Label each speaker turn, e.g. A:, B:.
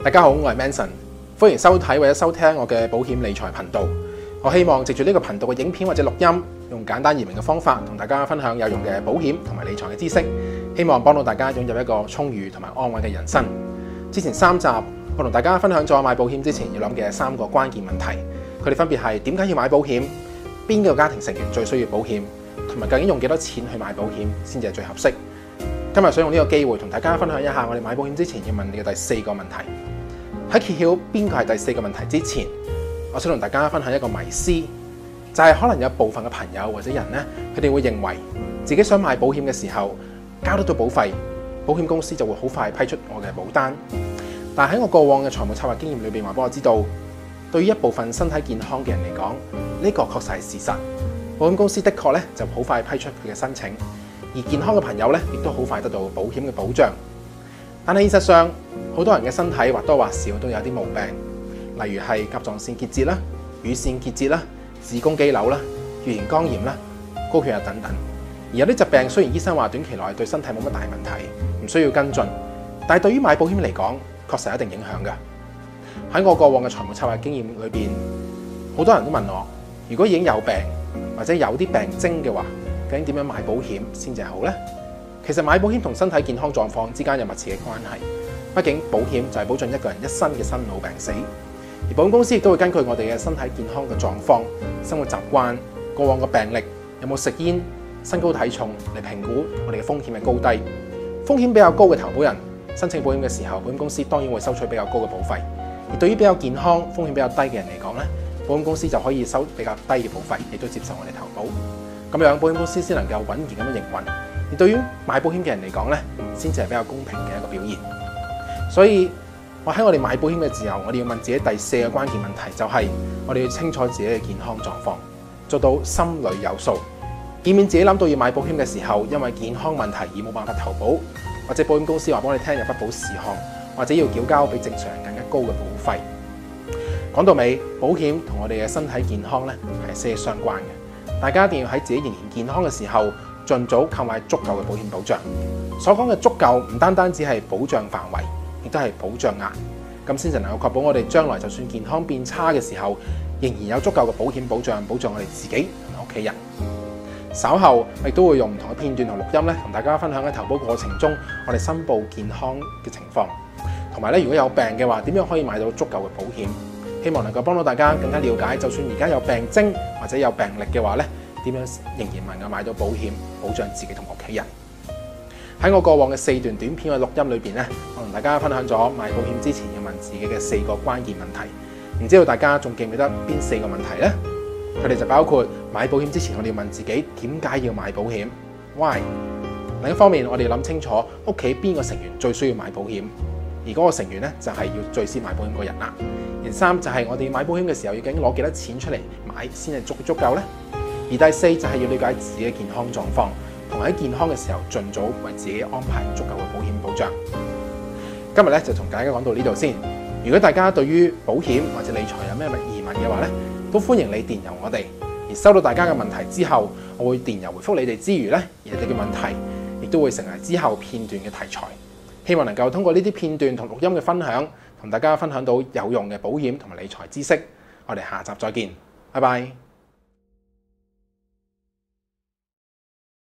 A: 大家好，我係 Manson，歡迎收睇或者收聽我嘅保險理財頻道。我希望藉住呢個頻道嘅影片或者錄音，用簡單易明嘅方法同大家分享有用嘅保險同埋理財嘅知識，希望幫到大家擁有一個充裕同埋安穩嘅人生。之前三集我同大家分享咗買保險之前要諗嘅三個關鍵問題，佢哋分別係點解要買保險、邊個家庭成員最需要保險，同埋究竟用幾多錢去買保險先至係最合適。今日想用呢個機會同大家分享一下，我哋買保險之前要問你嘅第四個問題。喺揭曉邊個係第四個問題之前，我想同大家分享一個迷思，就係可能有部分嘅朋友或者人呢，佢哋會認為自己想買保險嘅時候，交得到保費，保險公司就會好快批出我嘅保單。但係喺我過往嘅財務策劃經驗裏邊，話俾我知道，對於一部分身體健康嘅人嚟講，呢個確實係事實。保險公司的確咧就好快批出佢嘅申請。而健康嘅朋友咧，亦都好快得到保險嘅保障。但係現實上，好多人嘅身體或多或少都有啲毛病，例如係甲狀腺結節啦、乳腺結節啦、子宮肌瘤啦、乙型肝炎啦、高血壓等等。而有啲疾病雖然醫生話短期內對身體冇乜大問題，唔需要跟進，但係對於買保險嚟講，確實有一定影響嘅。喺我過往嘅財務策劃經驗裏邊，好多人都問我：如果已經有病或者有啲病徵嘅話，究竟點樣買保險先至好呢？其實買保險同身體健康狀況之間有密切嘅關係。畢竟保險就係保障一個人一生嘅生老病死，而保險公司亦都會根據我哋嘅身體健康嘅狀況、生活習慣、過往嘅病歷、有冇食煙、身高體重嚟評估我哋嘅風險嘅高低。風險比較高嘅投保人申請保險嘅時候，保險公司當然會收取比較高嘅保費。而對於比較健康、風險比較低嘅人嚟講咧，保險公司就可以收比較低嘅保費，亦都接受我哋投保。咁樣保險公司先能夠穩健咁樣營運，而對於買保險嘅人嚟講咧，先至係比較公平嘅一個表現。所以，我喺我哋買保險嘅時候，我哋要問自己第四個關鍵問題，就係我哋要清楚自己嘅健康狀況，做到心裏有數，以免自己諗到要買保險嘅時候，因為健康問題而冇辦法投保，或者保險公司話俾你聽有不保事項，或者要繳交比正常人更加高嘅保費。講到尾，保險同我哋嘅身體健康咧係息息相關嘅。大家一定要喺自己仍然健康嘅時候，盡早購買足夠嘅保險保障。所講嘅足夠唔單單只係保障範圍，亦都係保障額，咁先至能夠確保我哋將來就算健康變差嘅時候，仍然有足夠嘅保險保障，保障我哋自己同屋企人。稍後我亦都會用唔同嘅片段同錄音咧，同大家分享喺投保過程中我哋申報健康嘅情況，同埋咧如果有病嘅話，點樣可以買到足夠嘅保險。希望能夠幫到大家更加了解，就算而家有病徵或者有病歷嘅話咧，點樣仍然能夠買到保險，保障自己同屋企人。喺我過往嘅四段短片嘅錄音裏面，咧，我同大家分享咗買保險之前要問自己嘅四個關鍵問題。唔知道大家仲記唔記得邊四個問題呢？佢哋就包括買保險之前，我哋要問自己點解要買保險 （why）？另一方面，我哋要諗清楚屋企邊個成員最需要買保險。而嗰個成員咧，就係要最先買保險嘅人啦。而三就係我哋買保險嘅時候，要究竟攞幾多錢出嚟買先係足足夠呢？而第四就係要了解自己嘅健康狀況，同喺健康嘅時候盡早為自己安排足夠嘅保險保障。今日咧就同大家講到呢度先。如果大家對於保險或者理財有咩疑問嘅話呢，都歡迎你電郵我哋。而收到大家嘅問題之後，我會電郵回覆你哋之餘呢，你哋嘅問題亦都會成為之後片段嘅題材。希望能夠通過呢啲片段同錄音嘅分享，同大家分享到有用嘅保險同埋理財知識。我哋下集再見，拜拜。